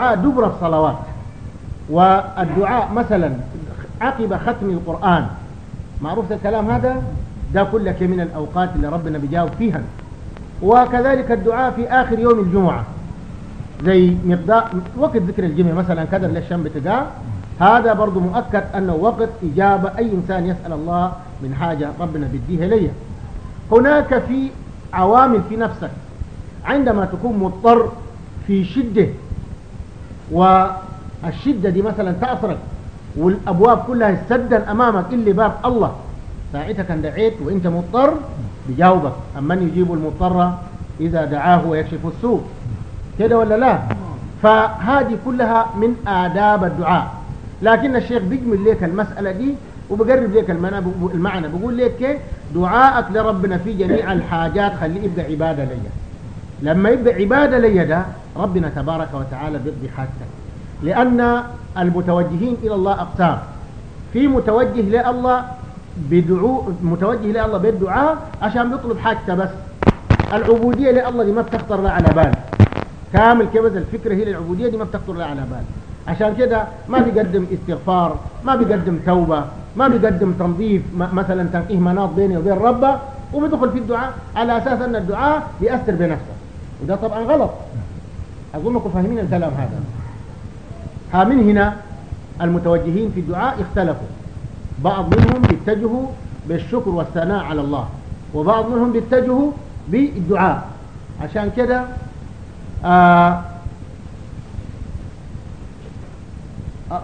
دبر الصلوات والدعاء مثلا عقب ختم القرآن معروف الكلام هذا ده كلك من الأوقات اللي ربنا بيجاوب فيها وكذلك الدعاء في آخر يوم الجمعة زي مقدار وقت ذكر الجمعة مثلا كدر للشام بتقاه هذا برضو مؤكد أنه وقت إجابة أي إنسان يسأل الله من حاجة ربنا بيديها لي هناك في عوامل في نفسك عندما تكون مضطر في شدة والشدة دي مثلا تأثرك والأبواب كلها سدا أمامك إلا باب الله ساعتها كان دعيت وإنت مضطر بجاوبك أما من يجيب المضطر إذا دعاه ويكشف السوء كده ولا لا فهذه كلها من آداب الدعاء لكن الشيخ بيجمل لك المسألة دي وبقرب لك المعنى بقول لك دعائك لربنا في جميع الحاجات خليه يبقى عبادة ليا لما يبدأ عبادة ليدا ربنا تبارك وتعالى بيقضي حاجته لأن المتوجهين إلى الله أقسام في متوجه لله بدعو متوجه لله بالدعاء عشان بيطلب حاجته بس العبودية لله دي ما بتخطر لا على بال كامل كبد الفكرة هي العبوديه دي ما بتخطر لا على بال عشان كده ما بيقدم استغفار ما بيقدم توبة ما بيقدم تنظيف مثلا تنقيه مناط بيني وبين ربه وبيدخل في الدعاء على أساس أن الدعاء بيأثر بنفسه وده طبعا غلط أظنكم فاهمين الكلام هذا ها من هنا المتوجهين في الدعاء اختلفوا بعض منهم بيتجهوا بالشكر والثناء على الله وبعض منهم بيتجهوا بالدعاء عشان كده آه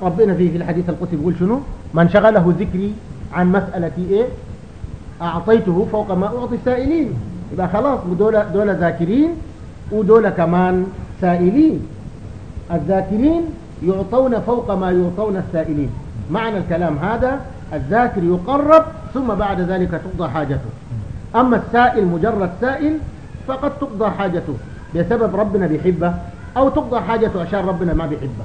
ربنا فيه في الحديث القدسي بيقول شنو من شغله ذكري عن مسألة ايه أعطيته فوق ما أعطي السائلين يبقى خلاص دول, دول ذاكرين ودول كمان سائلين الذاكرين يعطون فوق ما يعطون السائلين معنى الكلام هذا الذاكر يقرب ثم بعد ذلك تقضى حاجته أما السائل مجرد سائل فقد تقضى حاجته بسبب ربنا بيحبه أو تقضى حاجته عشان ربنا ما بيحبه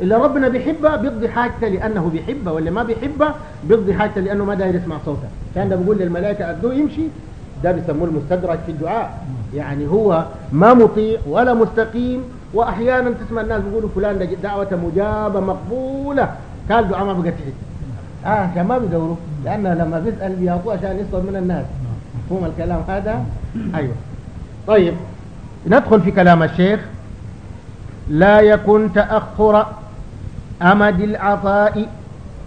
اللي ربنا بيحبه بيقضي حاجته لأنه بيحبه واللي ما بيحبه بيقضي حاجته لأنه ما داير يسمع صوته كان ده بيقول للملائكة أدوه يمشي ده بيسموه المستدرج في الدعاء يعني هو ما مطيع ولا مستقيم واحيانا تسمع الناس بيقولوا فلان ده دعوه مجابه مقبوله كان دعاء ما بقى اه عشان ما بيدوروا لانه لما بيسال بيعطوه عشان يصدر من الناس مفهوم الكلام هذا ايوه طيب ندخل في كلام الشيخ لا يكن تاخر امد العطاء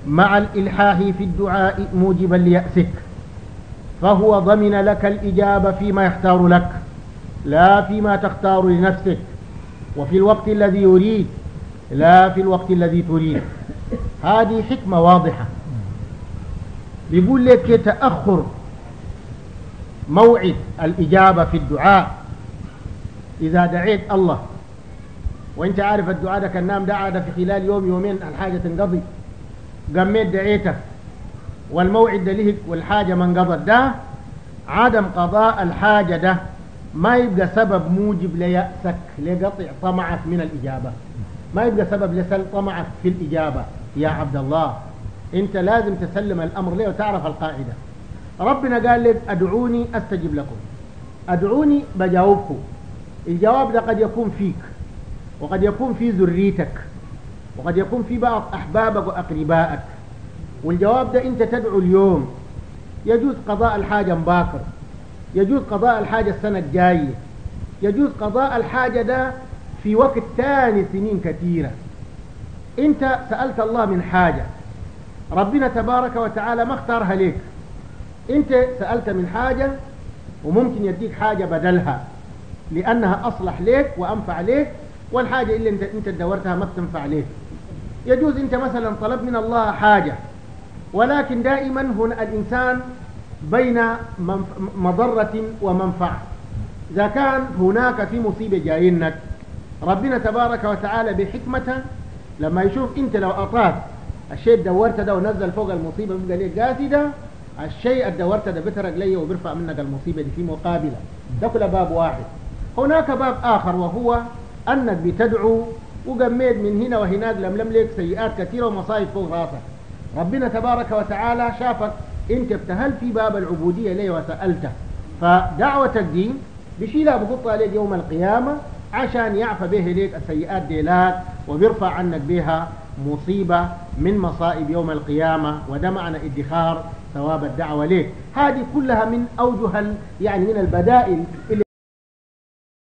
مع الالحاح في الدعاء موجبا لياسك فهو ضمن لك الإجابة فيما يختار لك لا فيما تختار لنفسك وفي الوقت الذي يريد لا في الوقت الذي تريد هذه حكمة واضحة بيقول لك تأخر موعد الإجابة في الدعاء إذا دعيت الله وانت عارف الدعاء ده كان نام دعاء ده في خلال يوم يومين الحاجة تنقضي قميت دعيته والموعد ده لهك والحاجة ما انقضت ده عدم قضاء الحاجة ده ما يبقى سبب موجب ليأسك لقطع طمعك من الإجابة ما يبقى سبب لسل طمعك في الإجابة يا عبد الله أنت لازم تسلم الأمر ليه وتعرف القاعدة ربنا قال لك أدعوني أستجب لكم أدعوني بجاوبكم الجواب ده قد يكون فيك وقد يكون في ذريتك وقد يكون في بعض أحبابك وأقربائك والجواب ده أنت تدعو اليوم يجوز قضاء الحاجة مباكر يجوز قضاء الحاجة السنة الجاية يجوز قضاء الحاجة ده في وقت ثاني سنين كثيرة أنت سألت الله من حاجة ربنا تبارك وتعالى ما اختارها لك أنت سألت من حاجة وممكن يديك حاجة بدلها لأنها أصلح لك وأنفع لك والحاجة اللي أنت, انت دورتها ما بتنفع لك يجوز أنت مثلا طلب من الله حاجة ولكن دائما هنا الإنسان بين مضرة ومنفعة إذا كان هناك في مصيبة جايينك ربنا تبارك وتعالى بحكمته لما يشوف أنت لو أعطاك الشيء دورت ده ونزل فوق المصيبة بيبقى قاسي ده الشيء الدورت ده بترق لي وبيرفع منك المصيبة دي في مقابلة ده كله باب واحد هناك باب آخر وهو أنك بتدعو وقميت من هنا وهناك لملم لك سيئات كثيرة ومصايب فوق راسك ربنا تبارك وتعالى شافك انت ابتهلت في باب العبودية ليه وسألته فدعوة الدين بشيلها بخطها ليك يوم القيامة عشان يعفى به ليك السيئات ديلات وبيرفع عنك بها مصيبة من مصائب يوم القيامة وده معنى ادخار ثواب الدعوة ليك هذه كلها من أوجه يعني من البدائل اللي